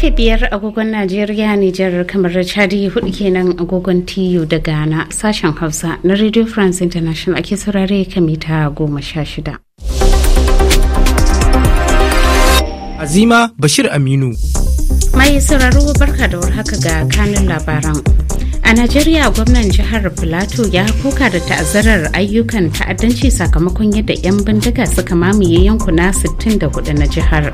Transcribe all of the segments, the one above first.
karfe biyar agogon najeriya nijar kamar chadi hudu kenan agogon tiyu da ghana sashen hausa na radio france international ake saurare kamita goma sha shida azima bashir aminu mai sauraro barka da warhaka ga kanin labaran A Najeriya gwamnan jihar plateau ya koka da ta'azzarar ayyukan ta'addanci sakamakon yadda 'yan bindiga suka mamaye yankuna 64 na jihar.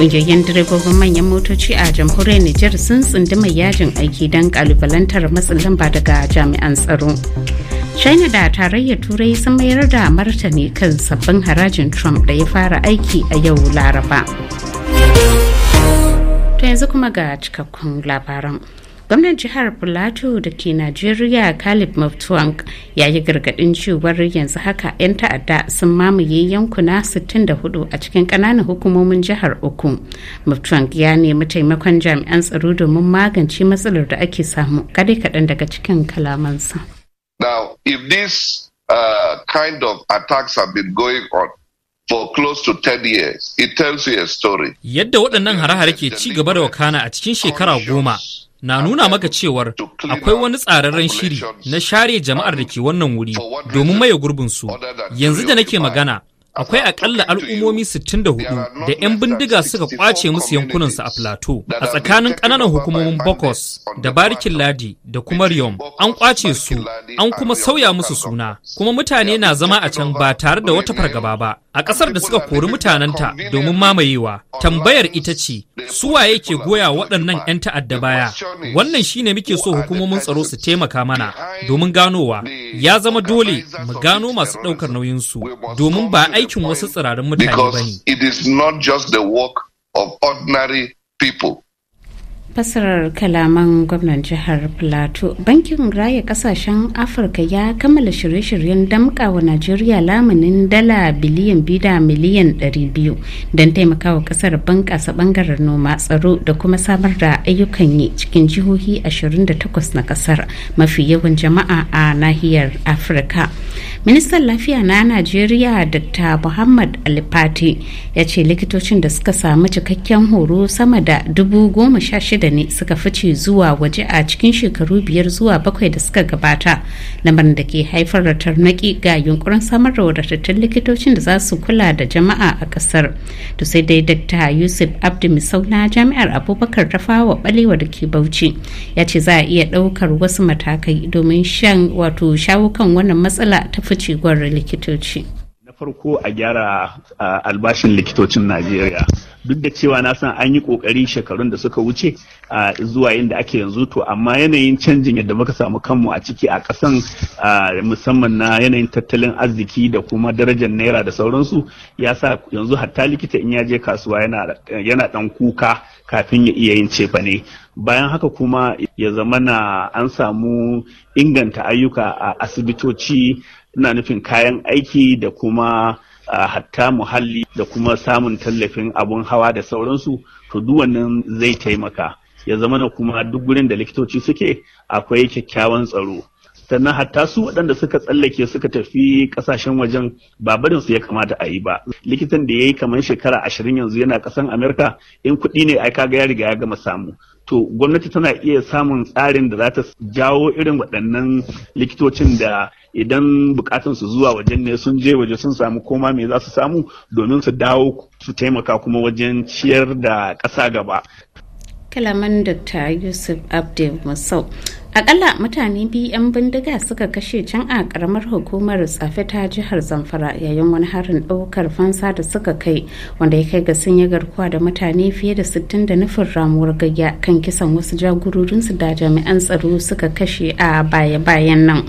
Ƙungiyoyin direbobin manyan motoci a jamhuriyar Nijar sun tsunduma yajin aiki don kalubalantar matsin lamba daga jami'an tsaro. China da tarayyar Turai sun mayar da martani kan sabbin harajin Trump da ya fara aiki a yau Laraba. To yanzu kuma ga cikakkun labaran. gwamnan jihar plateau da ke najeriya khalid maftuang ya yi gargadin cewar yanzu haka 'yan ta'adda sun mamaye yankuna 64 a cikin kananan hukumomin jihar uku maftuang ya nemi taimakon jami'an tsaro domin magance matsalar da ake samu kadai kaɗan daga cikin kalamansa Now, if this uh, kind of attacks have been going on, Yadda waɗannan hare-hare ke ci gaba da wakana a cikin shekara goma na nuna maka cewar akwai wani tsararren shiri na share jama'ar da ke wannan wuri domin maye gurbinsu yanzu da nake magana akwai akalla al'ummomi 64 da 'yan bindiga suka kwace musu yankunansu a plateau a tsakanin ƙananan hukumomin bokos da barikin ladi da kuma riyom an kwace su an kuma sauya musu suna kuma mutane na zama a can ba tare da wata fargaba ba a ƙasar da suka kori mutanenta domin mamayewa tambayar ita ce su waye ke goya waɗannan 'yan ta'adda baya wannan shine muke so hukumomin tsaro su taimaka mana domin ganowa ya zama dole mu gano masu ɗaukar nauyinsu domin ba aikin wasu tsirarin mutane ba ne fasirar kalaman gwamnan jihar plateau bankin raya kasashen afirka ya kammala shirye-shiryen wa najeriya lamunin dala biliyan bida miliyan biyu don taimakawa kasar bankasa bangaren noma tsaro da kuma samar da ayyukan yi cikin jihohi 28 na kasar mafi yawan jama'a a nahiyar afirka ministan lafiya na najeriya dr muhammad alifati ya ce likitocin da suka samu cikakken horo sama da dubu goma sha shida ne suka fice zuwa waje a cikin shekaru biyar zuwa bakwai da suka gabata lamarin da ke haifar da tarnaki ga yunkurin samar da wadatattun likitocin da za su kula da jama'a a kasar to sai dai dr yusuf abdu misau na jami'ar abubakar tafawa balewa da ke bauchi ya ce za a iya ɗaukar wasu matakai domin shan wato shawo kan wannan matsala ta fice gwarar likitoci. Na farko a gyara albashin likitocin Najeriya. Duk da cewa na san an yi kokari shekarun da suka wuce zuwa inda ake yanzu to amma yanayin canjin yadda muka samu kanmu a ciki a kasan musamman na yanayin tattalin arziki da kuma darajar naira da sauransu ya sa yanzu hatta likita in ya je kasuwa yana ɗan kuka kafin ya iya yin cefane. bayan haka kuma ya zama na an samu inganta ayyuka a asibitoci ina nufin kayan aiki da kuma hatta muhalli da kuma samun tallafin abun hawa da sauransu to duwannan zai taimaka ya zama da kuma duk gurin da likitoci suke akwai kyakkyawan tsaro sannan hatta su waɗanda suka tsallake suka tafi ƙasashen wajen ba su ya kamata a yi ba likitan da ya yi kamar shekara ashirin yanzu yana ƙasan amerika in kuɗi ne ai kaga ya riga ya gama samu to gwamnati tana iya samun tsarin da za ta jawo irin waɗannan likitocin da idan bukatun su zuwa wajen ne sun je waje sun samu koma me za su samu domin su dawo su taimaka kuma wajen ciyar da ƙasa gaba. kalaman dr yusuf abdul musau akalla mutane biyu 'yan bindiga suka kashe can a karamar hukumar tsafe ta jihar zamfara yayin wani harin daukar fansa da suka kai wanda ya kai ga sun yi garkuwa da mutane fiye da sittin da nufin ramuwar gayya kan kisan wasu jagororinsu da jami'an tsaro suka kashe a baya-bayan nan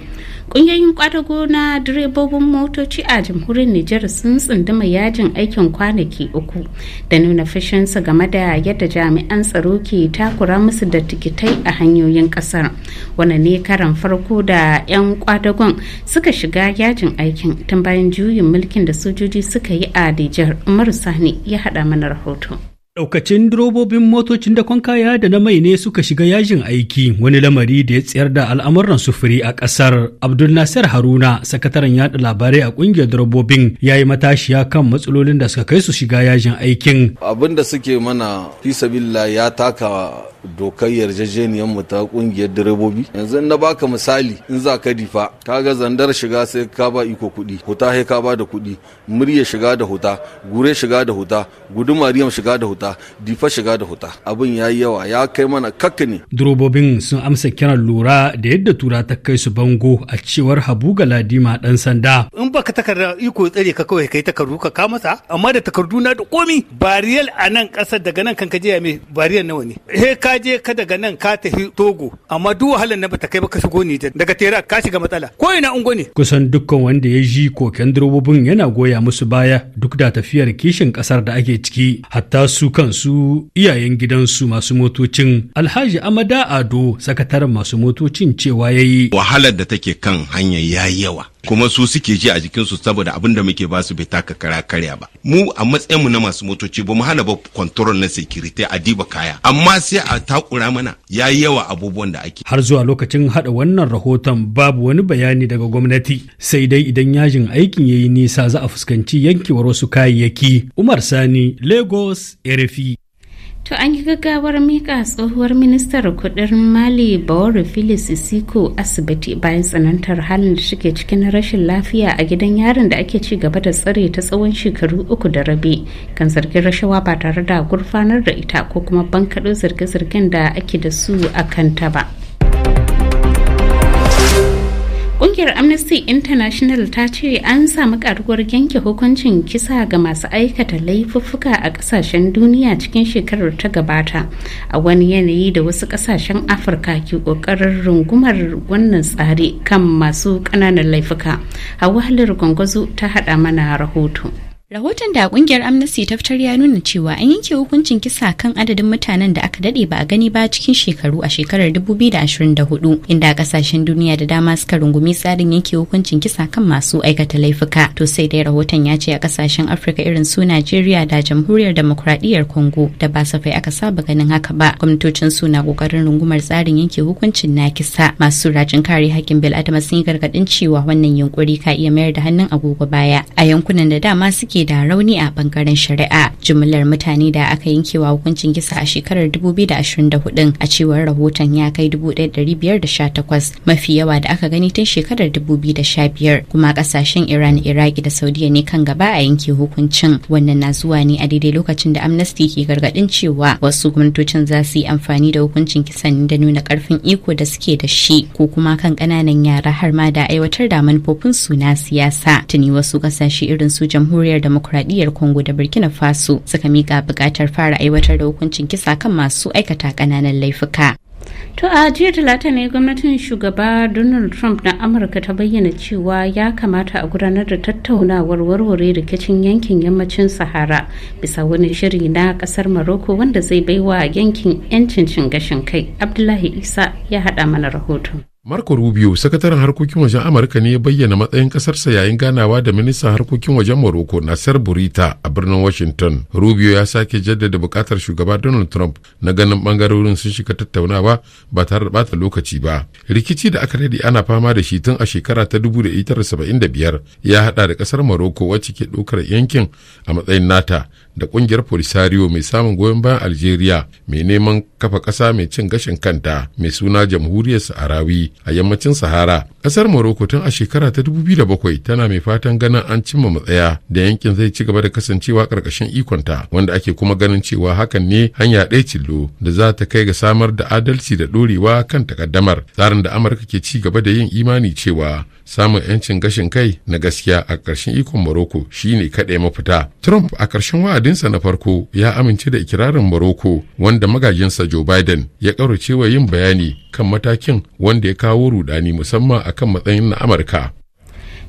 kungiyoyin kwadago na direbobin motoci a jamhuriyar nijar sun tsunduma yajin aikin kwanaki uku da nuna fashinsa game da yadda jami'an tsaro ke takura musu da tikitai a hanyoyin kasar wani ne karan farko da 'yan kwadagon suka shiga yajin aikin tun bayan juyin mulkin da sojoji suka yi a nijar umaru sani ya hada mana rahoto Daukacin durobobin motocin da kaya da na mai ne suka shiga yajin aiki wani lamari da ya tsayar da al'amuran sufuri a ƙasar. Abdul Nasir Haruna, sakataren yada labarai a ƙungiyar durobobin ya yi matashiya kan matsalolin da suka kai su shiga yajin aikin. Abin da suke mana fi ya taka dokar yarjejeniyar mu ta kungiyar direbobi yanzu na baka misali in za ka difa kaga zandar shiga sai ka ba iko kuɗi huta sai ka ba da kuɗi murya shiga da huta gure shiga da huta gudu mariyam shiga da huta difa shiga da huta abin ya yi yawa ya kai mana kakka ne direbobin sun amsa kiran lura da yadda tura ta kai su bango a cewar habu galadima dan sanda in baka takarda iko tsare ka kawai kai takardu ka ka masa amma da takardu na da komi bariyal a nan kasar daga nan kankajiya mai bariyal nawa ne he ka ka je ka daga nan ka tafi Togo amma duk wahalar na bata kai ba ka shigo ni daga Tera ka shiga matsala ko ina ungo kusan dukkan wanda ya ji koken durobobin yana goya musu baya duk da tafiyar kishin kasar da ake ciki hatta su kansu iyayen gidansu masu motocin Alhaji Amada Ado sakataren masu motocin cewa yayi wahalar da take kan hanya yayi yawa kuma su suke ji a jikin su saboda abin da muke basu bai taka kara karya ba mu a matsayinmu na masu motoci ba mu hana ba kwantarol na security a diba kaya amma sai a takura mana ya yi yawa abubuwan da ake har zuwa lokacin hada wannan rahoton babu wani bayani daga gwamnati sai dai idan yajin aikin yayi nisa za a fuskanci yankewar wasu kayayyaki umar sani lagos erefi To an yi gaggawar mika tsohuwar ministar kudin Mali Bawari Phyllis Isiko asibiti bayan tsanantar halin da suke cikin rashin lafiya a gidan yarin da ake ci gaba da tsare ta tsawon shekaru uku da rabi kan zargin rashawa ba tare da gurfanar da ita ko kuma bankaɗo zirge-zirgen da ake da su a kanta ba. Ƙungiyar Amnesty International ta ce an samu karuwar yanke hukuncin kisa ga masu aikata laifuffuka a kasashen duniya cikin shekarar ta gabata a wani yanayi da wasu kasashen Afirka ke kokarin rungumar wannan tsari kan masu kananan laifuka. Hawa wahalar Gwangwazo ta hada mana rahoto. Rahoton da kungiyar Amnesty ta fitar ya nuna cewa an yanke hukuncin kisa kan adadin mutanen da aka dade ba a gani ba cikin shekaru a shekarar 2024 inda kasashen duniya da dama suka rungumi tsarin yanke hukuncin kisa kan masu aikata laifuka. To sai dai rahoton ya ce a kasashen Afirka irin su Najeriya da Jamhuriyar Demokradiyyar Congo da ba safai aka saba ganin haka ba. Gwamnatocin su na kokarin rungumar tsarin yanke hukuncin na kisa. Masu rajin kare hakkin bil'adama sun yi gargadin cewa wannan yunkuri ka iya mayar da hannun agogo baya a yankunan da dama suke ke da rauni a bangaren shari'a jumlar mutane da aka yankewa hukuncin kisa a shekarar 2024 a cewar rahoton ya kai 1518 mafi yawa da aka gani tun shekarar 2015 kuma kasashen iran iraki da saudiya ne kan gaba a yanke hukuncin wannan na zuwa ne a daidai lokacin da amnesty ke gargadin cewa wasu gwamnatocin za su yi amfani da hukuncin kisan da nuna karfin iko da suke da shi ko kuma kan kananan yara har ma da aiwatar da manufofin su na siyasa tuni wasu kasashe irin su jamhuriyar da demokuraɗiyyar Congo da Burkina Faso suka mika buƙatar fara aiwatar da hukuncin kisa kan masu aikata ƙananan laifuka. To a jiya talata ne gwamnatin shugaba Donald Trump na Amurka ta bayyana cewa ya kamata a gudanar da tattaunawar warware rikicin yankin yammacin Sahara bisa wani shiri na kasar Morocco wanda zai baiwa yankin 'yancin cin gashin kai. Abdullahi Isa ya haɗa mana rahoton. Marco Rubio, sakataren harkokin wajen Amurka ne ya bayyana matsayin kasarsa yayin ganawa da ministan harkokin wajen Morocco Nasser Burita a birnin Washington. Rubio ya sake jaddada bukatar shugaba Donald Trump na ganin bangarorin sun shiga tattaunawa ba tare da bata lokaci ba. Rikici da aka daɗe ana fama da shi tun a shekara ta 1975 ya haɗa da ƙasar Morocco wacce ke ɗaukar yankin a matsayin nata da kungiyar polisario mai samun goyon bayan algeria mai neman kafa ƙasa mai cin gashin kanta mai suna jamhuriyar saharawi a yammacin sahara ƙasar morocco tun a shekara ta dubu biyu da bakwai tana mai fatan ganin an cimma matsaya da yankin zai ci gaba da kasancewa ƙarƙashin ikonta wanda ake kuma ganin cewa hakan ne hanya ɗaya cillo da za ta kai ga samar da adalci da ɗorewa kan takaddamar tsarin da amurka ke ci gaba da yin imani cewa samun 'yancin gashin kai na gaskiya a ƙarshen ikon morocco shine kaɗai mafita trump a ƙarshen wa'adi wa'adinsa na farko ya amince da ikirarin Morocco wanda magajinsa Joe Biden ya ƙaurace wa yin bayani kan matakin wanda ya kawo rudani musamman akan matsayin na Amurka.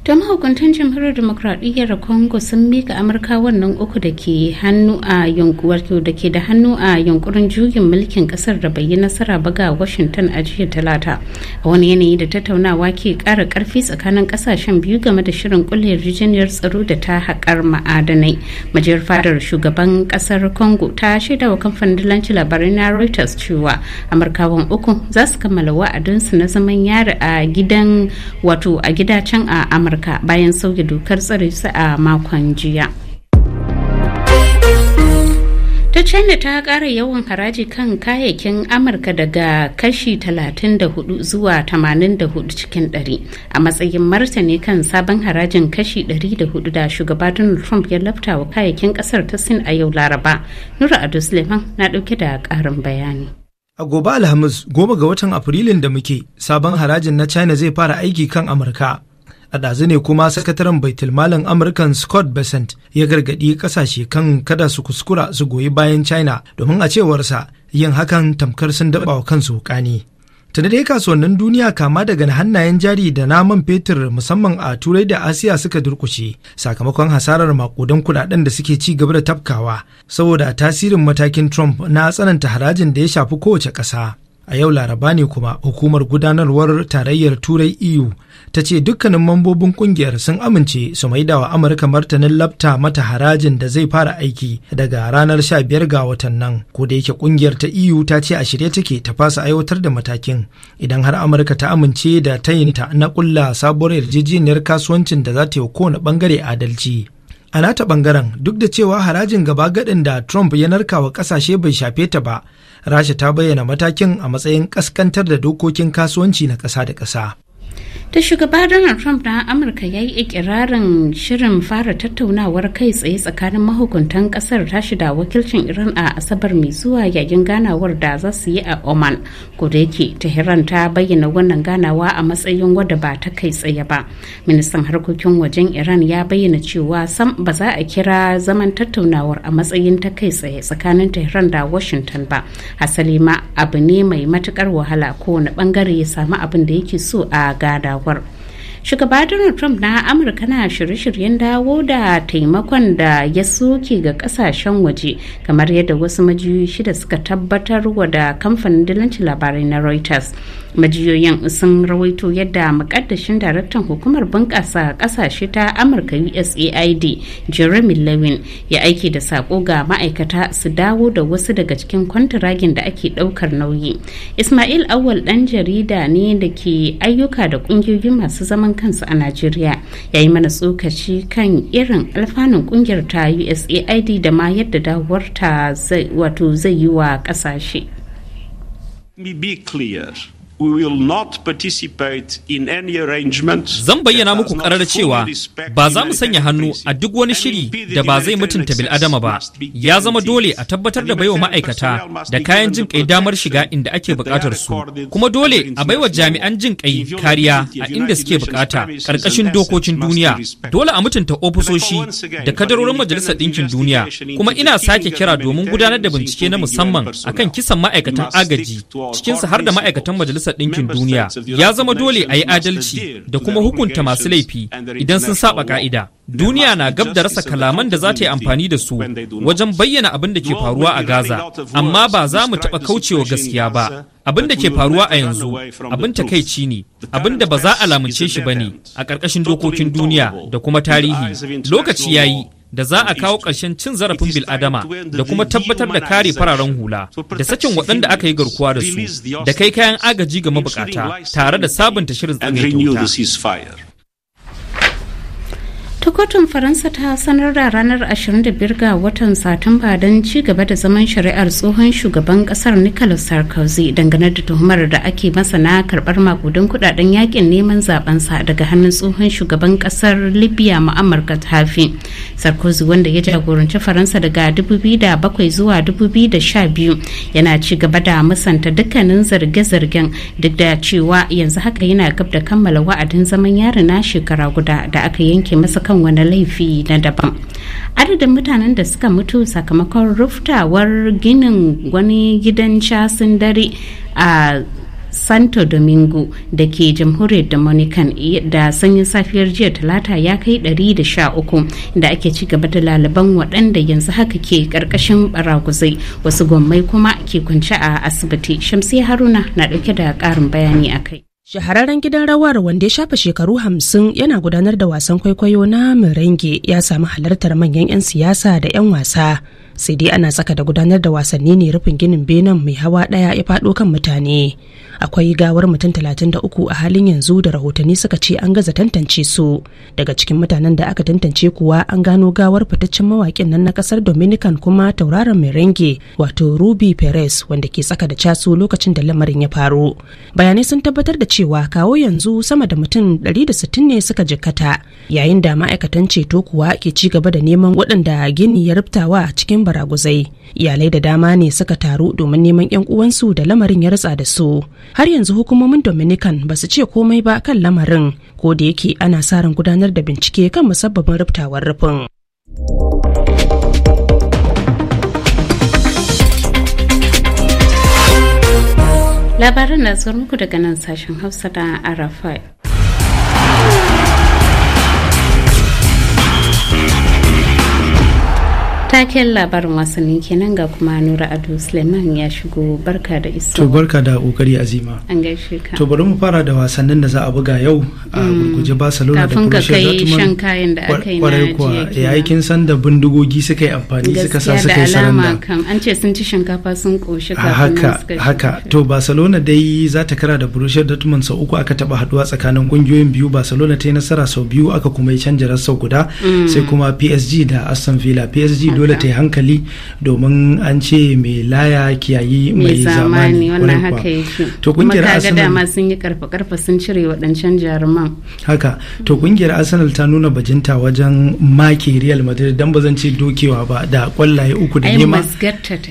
don mahukuntan jamhuriyar demokradiyyar congo sun mika amurka wannan uku da ke hannu a yunkuwar da ke da hannu a yunkurin jugin mulkin kasar da bai yi nasara ba ga washington a jiya talata a wani yanayi da tattaunawa ke ƙara karfi tsakanin ƙasashen biyu game da shirin kulle rijiyar tsaro da ta haƙar ma'adanai majiyar fadar shugaban ƙasar congo ta shaida wa kamfanin dilanci labarai na reuters cewa amurkawan uku za su kammala wa'adinsu na zaman yari a gidan wato a gidacen a amurka amurka bayan sauke dokar tsare su a makon jiya ta china ta kara yawan haraji kan kayayyakin amurka daga kashi 34 zuwa 84 cikin 100 a matsayin martani kan sabon harajin kashi 104 da shugaba donald trump ya lafta wa kayayyakin kasar ta sin a yau laraba nura ado suleiman na dauke da karin bayani a gobe alhamis goma ga watan afrilun da muke sabon harajin na china zai fara aiki kan amurka A ɗazu ne kuma sakataren baitulmalin Amurkan Scott besant ya gargaɗi ƙasashe kan kada su kuskura su goyi bayan China domin a cewarsa yin hakan tamkar sun daɓa wa kansu ne. tunda dai kasuwannin duniya kama daga hannayen jari da naman fetur musamman a turai da asiya suka durkushe sakamakon hasarar makudan kudaden da suke ci gaba da tafkawa saboda tasirin matakin trump na tsananta harajin da ya shafi kowace ƙasa a yau laraba ne kuma hukumar gudanarwar tarayyar turai eu ta ce dukkanin mambobin kungiyar sun amince su maida wa amurka martanin labta mata harajin da zai fara aiki daga ranar 15 ga watan nan ko da yake kungiyar ta eu ta ce a shirye take ta fasa aiwatar da matakin idan har amurka ta amince da tayinta na kulla sabuwar yarjejeniyar kasuwancin da za ta yi kowane bangare adalci a nata bangaren duk da cewa harajin gaba gadin da trump ya narkawa kasashe bai shafe ta ba rasha ta bayyana matakin a matsayin kaskantar da dokokin kasuwanci na ƙasa da ƙasa ta shugaba donald trump na amurka ya yi ikirarin shirin fara tattaunawar kai tsaye tsakanin mahukuntan kasar tashi da wakilcin iran a asabar mai zuwa yayin ganawar da za su yi a oman da yake tehran ta bayyana wannan ganawa a matsayin wadda ba ta kai tsaye ba ministan harkokin wajen iran ya bayyana cewa sam ba za a kira zaman tattaunawar a matsayin ta kai tsaye tsakanin tehran da washington ba asali ma abu ne mai matukar wahala kowane bangare ya samu abin da yake so a gada bueno, shugaba donald trump na amurka na shirye-shiryen dawo da taimakon da ya soke ga kasashen waje kamar yadda wasu majiyoyi shida suka tabbatar wa da kamfanin dilanci labarai na reuters majiyoyin sun rawaito yadda makaddashin daraktan hukumar bunƙasa ƙasashe ta amurka usaid jeremy lewin ya aiki da sako ga ma'aikata su dawo da wasu daga cikin kwantiragin da ake ɗaukar nauyi ismail awal ɗan jarida ne da ke ayyuka da ƙungiyoyi masu zaman zaman kansu a najeriya ya yi mana tsokaci kan irin alfanun kungiyar ta usaid da ma yadda ta wato zai yi wa kasashe. be clear Zan bayyana muku ƙarar cewa ba za mu sanya hannu a duk wani shiri da ba zai mutunta bil'adama ba, ya zama dole a tabbatar da baiwa ma'aikata da kayan jin ƙai damar shiga inda ake buƙatar su, kuma dole a baiwa jami'an jin ƙai kariya a inda suke buƙata ƙarƙashin dokokin duniya, dole a mutunta ofisoshi da kadarorin Majalisar Ɗinkin Duniya, kuma ina sake kira domin gudanar da bincike na musamman akan kisan ma'aikatan agaji, cikinsu har da ma'aikatan Majalisar Majalisar Ɗinkin Duniya ya zama dole a yi adalci da kuma hukunta masu laifi idan sun saba ka'ida. Duniya na gab da rasa kalaman da za ta yi amfani da su wajen bayyana abin da ke faruwa a Gaza, amma ba za mu taɓa kaucewa gaskiya ba. Abin da ke faruwa a yanzu abin takaici ne, abin da ba za a lamunce shi ba ne a ƙarƙashin dokokin duniya da kuma tarihi. Lokaci ya yi da za a kawo ƙarshen cin zarafin bil'adama da kuma tabbatar da kare fararen hula da sakin waɗanda aka yi garkuwa da su da kai kayan agaji ga mabukata tare da sabunta shirin tsagaita wuta. ta kotun faransa ta sanar da ranar 25 ga watan satumba don ci gaba da zaman shari'ar tsohon shugaban kasar nicolas sarkozy dangane da tuhumar da ake masa na karbar magudan kudaden yakin neman zabensa daga hannun tsohon shugaban kasar libya muammar gaddafi sarkozy wanda ya jagoranci faransa daga 2007 zuwa 2012 yana ci gaba da musanta dukkanin zarge-zargen duk da cewa yanzu haka yana gab da kammala wa'adin zaman yari na shekara guda da aka yanke masa kan wani laifi na daban adadin mutanen da suka mutu sakamakon ruftawar ginin wani gidan casin dare a santo domingo da ke jamhuriyar dominican da sanyin safiyar jiya talata ya kai 113 da ake ci gaba da laliban waɗanda yanzu haka ke ƙarƙashin ɓaraguzai wasu gwammai kuma ke kunce a asibiti shamsi haruna na ɗauke da ƙarin bayani a kai Shahararren gidan rawar wanda ya shafa shekaru hamsin yana gudanar da wasan kwaikwayo na Mirenge ya samu halartar manyan 'yan siyasa da 'yan wasa sai dai ana saka da gudanar da wasanni ne rufin ginin benin mai hawa daya ya fado kan mutane akwai gawar mutum uku a halin yanzu da rahotanni suka ce an gaza tantance su daga cikin mutanen da aka tantance kuwa an gano gawar fitaccen mawakin nan na kasar dominican kuma tauraron merengue wato ruby perez wanda ke tsaka da casu lokacin da lamarin ya faru bayanai sun tabbatar da cewa kawo yanzu sama da mutum 160 ne suka jikkata yayin da ma'aikatan ceto kuwa ke ci gaba da neman waɗanda gini ya rubtawa cikin cikin baraguzai iyalai da dama ne suka taru domin neman yan uwansu da lamarin ya ratsa da su har yanzu hukumomin dominican ba su ce komai ba kan lamarin ko da yake ana sa ran gudanar da bincike kan musabbabin rubtawar rufin labaran na zuwa muku daga nan sashen hausa da arafa taken labarin wasanni kenan ga kuma nura ado suleiman ya shigo barka da isa to barka da kokari azima an gaishe ka to bari mu fara da wasannin da za a buga yau a mm. gurguje barcelona da kuma shan kayan da aka yi na ya kin san da bindigogi suka yi amfani suka sa suka yi saranda an ce sun ci shinkafa sun koshi kafin haka haka to barcelona dai za ta kara da borussia dortmund sau uku aka taba haduwa tsakanin kungiyoyin biyu barcelona ta yi nasara sau biyu aka kuma yi canjarar sau guda mm. sai kuma psg da aston villa psg dole ta yi hankali domin an ce mai laya kiyayi mai zamani wannan haka yake to kungiyar arsenal dama sun yi karfa karfa sun cire waɗancan jaruman haka to kungiyar arsenal ta nuna bajinta wajen maki real madrid dan bazan ce dokewa ba da kwallaye uku da nema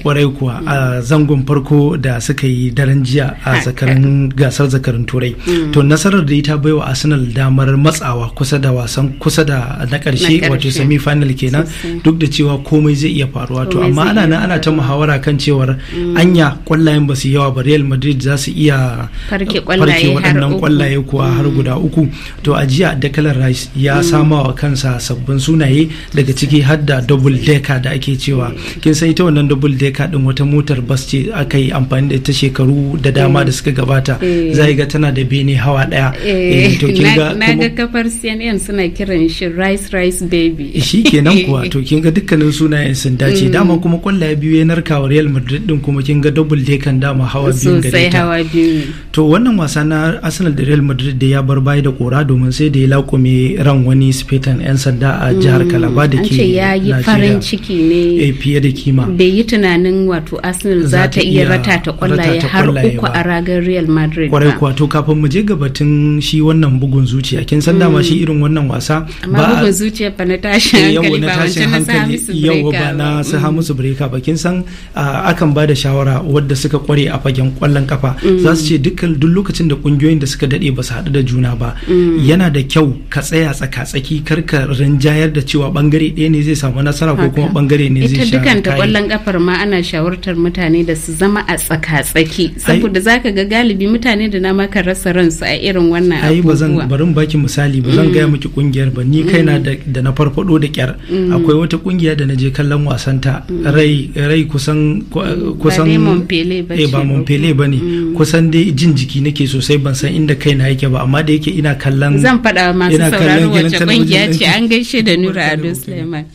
kwarai kuwa a mm. zangon farko da suka yi daren jiya a zakarin gasar zakarin turai mm. to nasarar da ita baiwa arsenal damar matsawa kusa da wasan kusa da na karshe wato semi final kenan duk da cewa ko komai zai iya faruwa to amma ana nan ana ta muhawara kan cewar mm. anya kwallayen ba su yawa ba real madrid za su iya farke waɗannan kwallaye kuwa har mm. guda uku to a jiya dekalar rice ya mm. sama wa kansa sabbin sunaye daga ciki har da double decker da ake cewa kin san ita wannan double decker din wata motar bas ce aka yi amfani da ita shekaru da dama da suka gabata eh. za ga tana da bene hawa daya eh, eh, to kin ga na kafar CNN suna kiran shi rice rice baby shi kenan kuwa to kin ga dukkanin sunayen sun dace mm. dama kuma kwallaye biyu ya narka wa Real Madrid din kuma kin ga double day kan dama hawa biyu gare ta hawa biyu to wannan wasa na Arsenal da Real Madrid da ya bar baya da kora domin sai da ya lakume ran wani spetan yan sanda a mm. jihar Calabar da ke ya yi farin ciki ne eh, fiye da kima bai yi tunanin wato Arsenal za ta iya rata ta kwallaye har uku a ragar Real Madrid kwarai kuwa to kafin mu je gabatin shi wannan bugun zuciya kin san dama shi mm. irin wannan wasa ba bugun zuciya fa na tashin eh, hankali ba wancan na hankali yau ba na sa ha musu bireka ba kin san akan ba da shawara wadda suka kware a fagen kwallon kafa mm. za su ce dukkan duk lokacin da kungiyoyin da suka dade ba su haɗu da juna ba mm. yana da kyau ka tsaya tsakatsaki tsaki kar ka rinjayar da cewa bangare ɗaya ne zai samu nasara ko kuma bangare ne zai sha ita dukkan kwallon kafar ma ana shawartar mutane da su zama a tsaka tsaki saboda zaka ga galibi mutane da na maka rasa ransu a irin wannan abubuwa ai bari barin baki misali ba zan mm. gaya miki kungiyar ba ni kaina da na farfado da kyar akwai wata kungiya da na je je kallon ta mm. rai rai kusan kusan ba eh, Monpele ba ne mm. kusan dai jin jiki nake sosai ban san inda kai na yake ba amma da yake ina kallon zan fada masu sauraro wacce kungiya ce an gaishe da Nura Ado Suleiman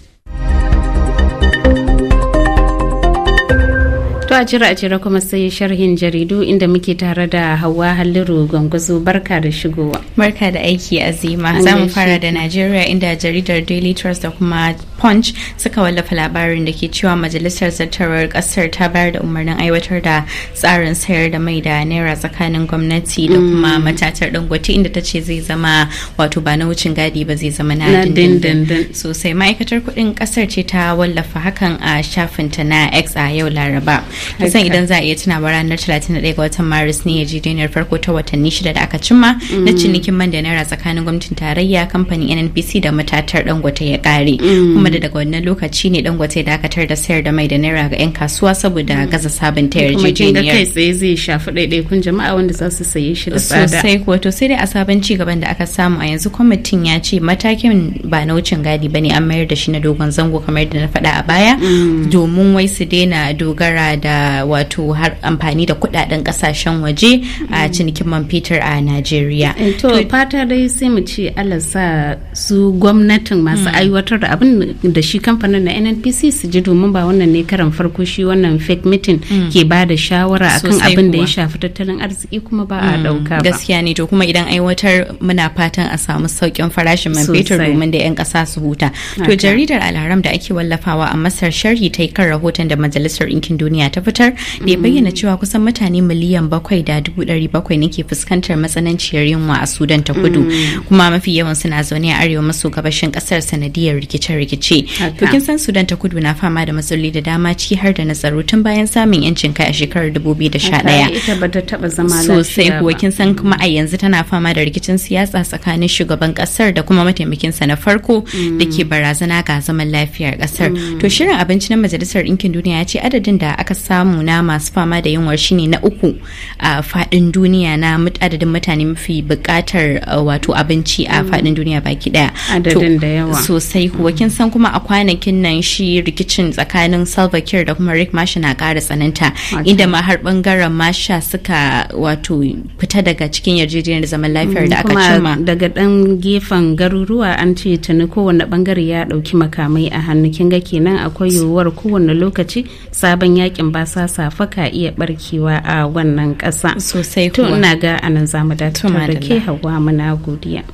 To a jira a jira kuma sai sharhin jaridu inda muke tare da Hauwa Halliru Gwangwazo barka da shigowa. Barka da aiki azima. Za mu fara da Najeriya inda jaridar Daily Trust da kuma punch suka wallafa labarin da ke cewa majalisar zartarwar kasar ta bayar da umarnin aiwatar da tsarin sayar da mai da naira tsakanin gwamnati da mm. kuma matatar dangote inda ta ce zai zama wato ba na wucin gadi ba zai zama na dindindin sosai ma'aikatar kuɗin kasar ce ta wallafa hakan a shafin ta na x a yau laraba kusan idan za a iya ba ranar talatin 31 ga watan maris ne ya ji duniyar farko ta watanni shida da aka cimma na mm. cinikin man da naira tsakanin gwamnatin tarayya kamfanin nnpc da matatar dangote ya kare kuma kuma da daga wannan lokaci ne dangote dakatar da sayar da mai da naira ga 'yan kasuwa saboda mm. gaza sabunta yarjejeniyar kuma kai tsaye zai shafi ɗaiɗaikun jama'a wanda za su saye shi da tsada sosai ko sai dai a sabon ci gaban da aka samu a yanzu kwamitin ya ce matakin ba na wucin gadi bane an mayar da shi na dogon zango kamar da na faɗa a baya mm. domin wai su daina dogara da wato har amfani da kuɗaɗen ƙasashen waje a mm. cinikin man fetur a Najeriya. Eh, to fata dai sai mu ce Allah sa su gwamnatin masu aiwatar da abin da shi kamfanin na nnpc su ji domin ba wannan ne karan farko shi wannan fake meeting mm. ke ba da shawara akan abin da ya shafi tattalin arziki kuma ba a dauka mm, ba gaskiya ne to kuma idan aiwatar muna fatan a samu saukin farashin man fetur domin da 'yan ƙasa su huta to jaridar alharam da ake wallafawa a masar sharhi ta yi kan rahoton da majalisar ɗinkin duniya ta fitar da ya mm. bayyana cewa kusan mutane miliyan bakwai da dubu ɗari bakwai ne ke fuskantar matsananciyar yunwa a sudan ta kudu kuma mafi yawan suna zaune a arewa maso gabashin ƙasar sanadiyar rikice-rikice ce to kin san sudan ta kudu na fama da matsaloli da dama ciki har da na tsaro tun bayan samun yancin kai a shekarar 2011 sosai kuwa kin san kuma a yanzu tana fama da rikicin siyasa tsakanin shugaban kasar da kuma mataimakin sa na farko da ke mm. barazana ga zaman lafiyar kasar mm. to shirin abinci na majalisar ɗinkin duniya ya ce adadin da aka samu na masu fama da yunwar shine na uku a fadin duniya na adadin mutane mafi bukatar uh, wato abinci a mm. fadin duniya baki daya adadin da yawa sosai kuwa kin san kuma a kwanakin nan shi rikicin tsakanin salvakir da kuma Rick Masha na kara tsananta inda ma har bangaren Masha suka wato fita daga cikin yarjejeniyar zaman lafiyar mm, da aka cimma. daga ɗan gefen garuruwa an ce tuni kowane bangare ya ɗauki makamai a hannu kin ga kenan akwai yiwuwar kowane lokaci sabon yakin basasa faka iya barkewa a wannan ƙasa. Sosai To ina ga anan zamu da tare ke hawa muna godiya.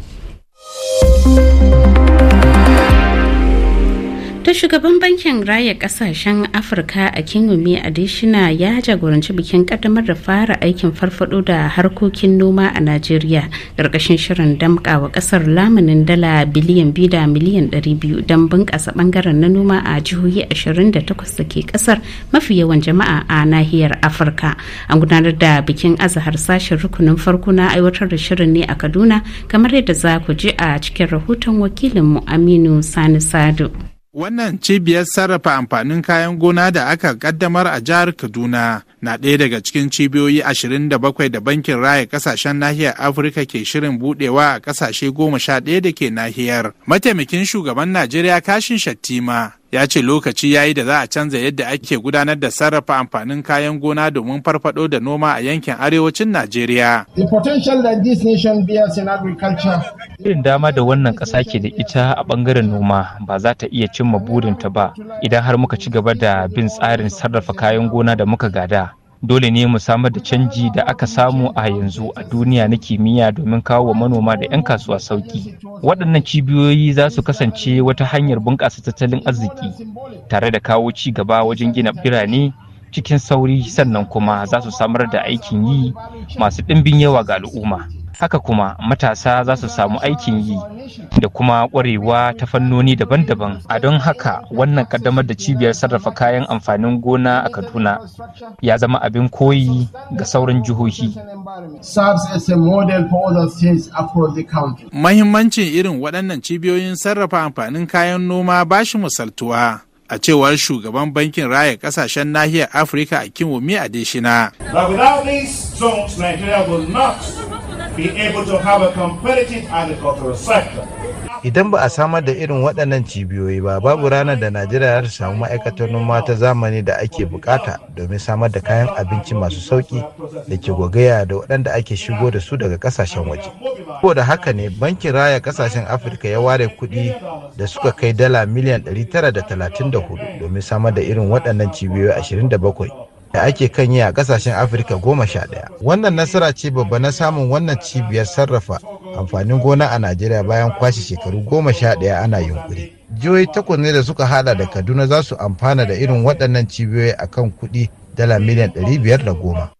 To shugaban bankin raya kasashen Afirka a Kingumi Adishina ya jagoranci bikin kaddamar da fara aikin farfado da harkokin noma a Najeriya ƙarƙashin shirin wa ƙasar lamunin dala biliyan biyu da miliyan ɗari biyu don bunƙasa ɓangaren na noma a jihohi 28 da ke ƙasar mafi yawan jama'a a nahiyar Afirka. An gudanar da bikin azahar sashen rukunin farko na aiwatar da shirin ne a Kaduna kamar yadda za ku ji a cikin rahoton wakilinmu Aminu Sani Sadu. Wannan cibiyar sarrafa amfanin kayan gona da aka kaddamar a jihar Kaduna na ɗaya daga cikin cibiyoyi 27 da bankin raya ƙasashen nahiyar Afirka ke shirin budewa a kasashe 11 da ke nahiyar. Mataimakin shugaban Najeriya Kashin Shattima ya ce lokaci ya yi da za a canza yadda ake gudanar da sarrafa amfanin kayan gona domin farfado da noma a yankin arewacin Najeriya. Irin dama da wannan ƙasa ke da ita a ɓangaren noma ba za ta iya cimma burinta ba idan har muka ci gaba da bin tsarin sarrafa kayan gona da muka gada. dole ne mu samar da canji da aka samu a yanzu a duniya na kimiyya domin kawo wa manoma da 'yan kasuwa sauƙi waɗannan cibiyoyi za su kasance wata hanyar bunƙasa tattalin arziki tare da kawo ci gaba wajen gina birane cikin sauri sannan kuma za su samar da aikin yi masu ɗimbin yawa ga al'umma. haka kuma matasa za su samu aikin yi da kuma ƙwarewa ta fannoni daban-daban a don haka wannan kaddamar da cibiyar sarrafa kayan amfanin gona a kaduna ya zama abin koyi ga sauran jihohi mahimmancin irin waɗannan cibiyoyin sarrafa amfanin kayan noma ba shi misaltuwa a cewar shugaban bankin raya kasashen nahiyar afirka a kimomi a deshina. be able to have competitive agricultural Idan ba a samar da irin waɗannan cibiyoyi ba, babu ranar da Najeriya ta samu ma'aikatar noma ta zamani da ake bukata domin samar da kayan abinci masu sauƙi da ke gogaya da waɗanda ake shigo da su daga ƙasashen waje. Ko da haka ne, bankin raya ƙasashen Afirka ya ware kuɗi da suka kai dala miliyan 934 domin samar da irin waɗannan cibiyoyi 27 da ake kan yi a kasashen afirka goma sha ɗaya wannan nasara ce babba na samun wannan cibiyar sarrafa amfanin gona a najeriya bayan kwashe shekaru goma sha ɗaya ana yunkuri jihohi takwas ne da suka hada da kaduna za su amfana da irin waɗannan cibiyoyi a kan kuɗi dala miliyan ɗari biyar da goma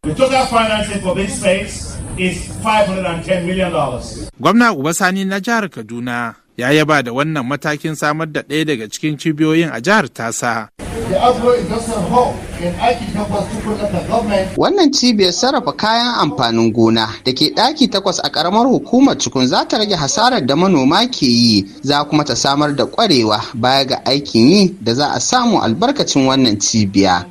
Gwamna Uba Sani na jihar Kaduna ya yaba da wannan matakin samar da ɗaya daga cikin cibiyoyin a jihar tasa. The Wannan cibiyar sarrafa kayan amfanin gona da ke ɗaki takwas a ƙaramar hukumar cikin za ta rage hasarar da manoma ke yi za kuma ta samar da ƙwarewa baya ga aikin yi da za a samu albarkacin wannan cibiya.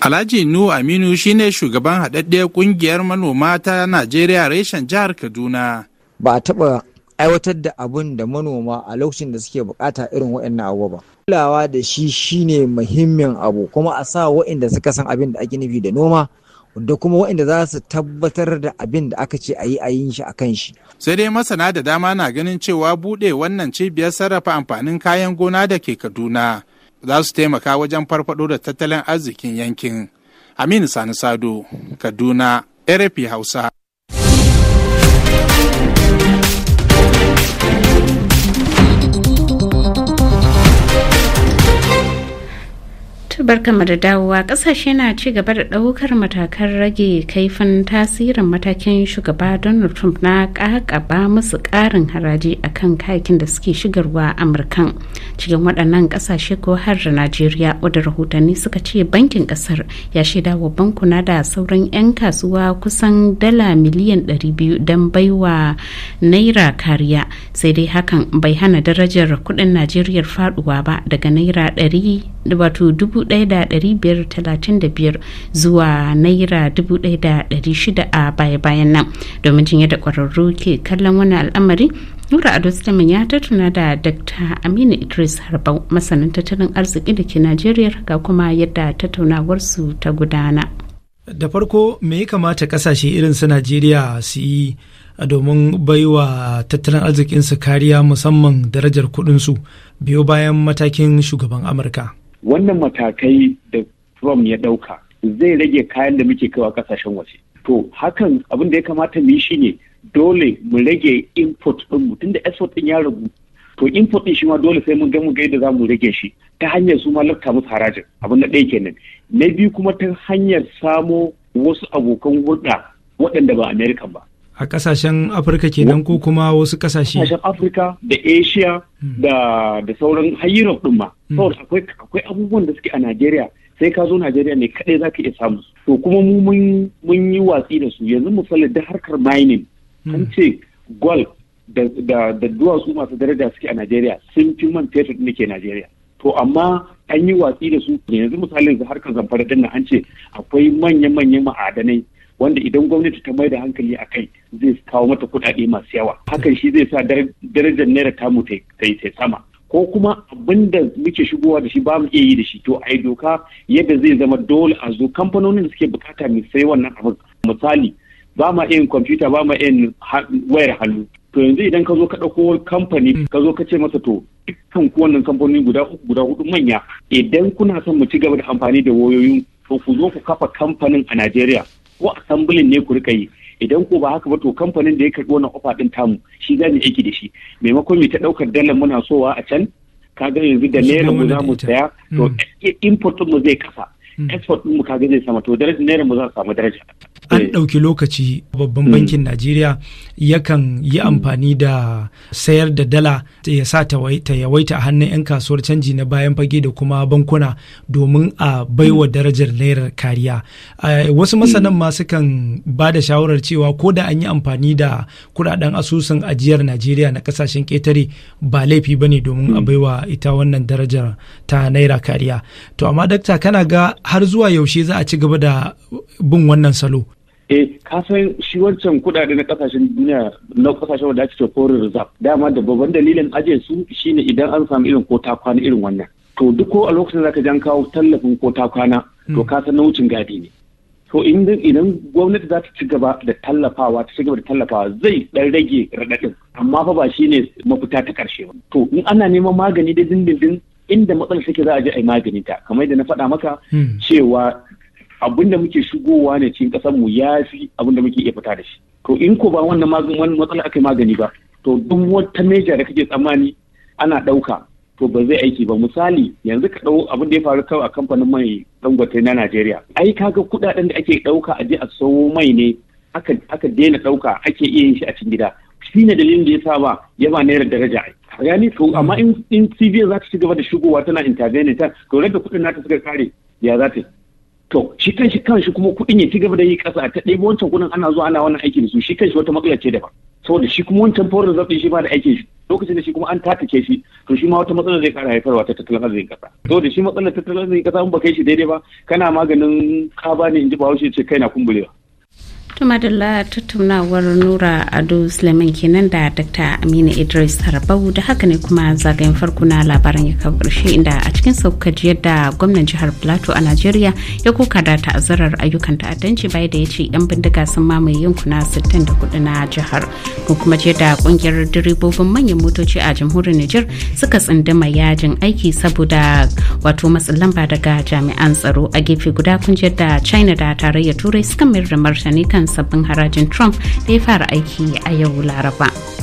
Alhaji Nuhu Aminu shine shugaban haɗaɗɗiyar ƙungiyar manoma ta Najeriya reshen jihar Kaduna. Ba a taɓa aiwatar da abun da manoma a lokacin da suke bukata irin waɗannan abubuwa ba. kulawa da shi shine muhimmin abu kuma a sa waɗanda suka san abin da ake nufi da noma da kuma waɗanda za su tabbatar da abin da aka ce a yi a yin shi a kan shi. Sai dai masana da dama na ganin cewa buɗe wannan cibiyar sarrafa amfanin kayan gona da ke Kaduna za su taimaka wajen farfaɗo da tattalin arzikin yankin. Aminu Sani Sado, Kaduna, RFI Hausa. barkanmu da dawowa kasashe na ci gaba da ɗaukar matakan rage kaifin tasirin matakin shugaba donald trump na ƙaƙaba musu ƙarin haraji akan kayakin da suke shigarwa amurkan cikin waɗannan ƙasashe ko har da najeriya wadda rahotanni suka ce bankin ƙasar ya shaida wa bankuna da sauran 'yan kasuwa kusan dala miliyan 200 don baiwa naira kariya sai dai hakan bai hana darajar kuɗin najeriya faduwa ba daga naira 100 wato 1535 zuwa naira 1600 a baya-bayan nan domin jin yadda ƙwararru ke kallon wani al'amari Nura Ado ya tattuna da Dr. Aminu Idris Harbau masanin tattalin arziki da ke Najeriya ga kuma yadda tattaunawarsu ta gudana. Da farko me ya kamata kasashe irin su Najeriya su yi domin baiwa tattalin arzikinsu kariya musamman darajar kudinsu biyo bayan matakin shugaban Amurka. Wannan matakai da Trump ya ɗauka zai rage kayan da muke kawo kasashen waje. To hakan abin da ya kamata mu yi ne. dole mu rage input ɗin mu tunda export ɗin ya ragu to input ɗin shi ma dole sai mun ga mu ga yadda za mu rage shi ta hanyar su ma lafta musu harajin abin da ɗaya kenan na biyu kuma ta hanyar samo wasu abokan hulɗa waɗanda ba American ba a ƙasashen afirka kenan ko kuma wasu ƙasashe. Ƙasashen afirka da asia hmm. da da sauran hayyar ɗin din ma hmm. saboda akwai abubuwan da suke a najeriya sai ka zo najeriya ne kaɗai za ka iya samu to kuma mu mun yi watsi da su yanzu misali da harkar mining an hmm. ce gwal da duwatsu masu daraja suke a Najeriya sun fi man fetur da ke Najeriya. To amma an yi watsi da su yanzu misalin harkar zamfara din an ce akwai manya-manyan ma'adanai wanda idan gwamnati ta mai da hankali a kai zai kawo mata kuɗaɗe masu yawa hakan shi zai sa darajar naira tamu ta yi sama ko kuma abin da muke shigowa da shi ba mu iya yi da shi to ai doka yadda zai zama dole a zo kamfanonin da suke bukata mai sai wannan abin misali ba ma yin kwamfuta ba ma yin wayar hannu to yanzu idan ka zo ka ɗauko kamfani mm. ka zo ka ce masa to dukkan wannan kamfani guda uku guda hudu manya idan kuna son mu ci gaba da amfani da wayoyin to ku zo ku kafa kamfanin a Najeriya ko asambilin ne ku rika yi idan ko ba haka ba to kamfanin da ya karɓi wannan ofa ɗin tamu shi za mu aiki da shi maimakon mu ta ɗaukar dalar muna sowa a can ka ga yanzu da naira mu za mu saya to mm. import mu zai kafa. Hmm. export ga zai sama to naira mu za samu daraja an eh. ɗauki lokaci babban hmm. bankin najeriya yakan yi hmm. amfani da sayar da dala ya sa ta yawaita a hannun 'yan kasuwar canji na bayan fage da kuma bankuna domin a baiwa darajar naira kariya wasu masanan ma kan ba da shawarar cewa ko da an yi amfani da kudaden asusun ajiyar najeriya na kasashen ƙetare ba laifi ba ne domin a baiwa ita wannan darajar ta naira kariya to amma dakta kana ga har zuwa yaushe za a ci gaba da bin wannan salo eh kasan shi wancan kudade na kasashen duniya na kasashen wanda ake foreign reserve dama da babban dalilin ajiye su shine idan an samu irin ko ta irin wannan to duk ko a lokacin zaka jan kawo tallafin ko ta kwana to hmm. ka san na wucin gadi ne to idan gwamnati za ta ci gaba da tallafawa ta ci gaba da tallafawa zai dan rage raɗaɗin amma fa ba shine mafita ta ƙarshe ba to in ana neman magani da dindindin inda matsalar take za a je a yi maganin ta kamar yadda na faɗa maka hmm. cewa abin da muke shigowa ne cikin ƙasar mu ya fi abin da muke iya fita da shi to in ko ba wannan magani matsala aka yi magani ba to duk wata meja da kake tsammani ana ɗauka to ba zai aiki ba misali yanzu ka ɗau abin da ya faru kawai a kamfanin mai dangote na Najeriya ai kaga kuɗaɗen da ake ɗauka a je a sawo mai ne aka daina ɗauka ake iya yin shi a cikin gida shi ne dalilin da ya sa ba ya ba naira daraja ai gani to amma in cv za ta ci gaba da shigowa tana intervene ta to rage na nata suka kare ya za ta to shi kan shi kan shi kuma kuɗin ya ci gaba da yi ƙasa ta ɗebo wancan kuɗin ana zuwa ana wannan aikin su shi kanshi wata matsala ce daban saboda shi kuma wancan foreign reserve din shi ba da aikin shi lokacin da shi kuma an tatake shi to shi ma wata matsala zai kara haifarwa ta tattalin arzikin kasa da shi matsalar tattalin arzikin kasa in ba kai shi daidai ba kana maganin ka ne in ji wuce ce kai na kumbulewa tumadala tattaunawar nura ado suleiman kenan da dr aminu idris harbau da haka ne kuma zagayen farko na labaran ya kawo karshe inda a cikin saukaji da gwamnan jihar plateau a najeriya ya kuka da ta'azzarar ayyukan ta'addanci bai da ya ce yan bindiga sun mamaye yankuna 64 na jihar ko kuma je da kungiyar direbobin manyan motoci a jamhuriyar niger suka tsindama yajin aiki saboda wato matsin lamba daga jami'an tsaro a gefe guda kun da china da tarayyar turai suka mayar da martani kan sabbin harajin trump da ya fara aiki a yau laraba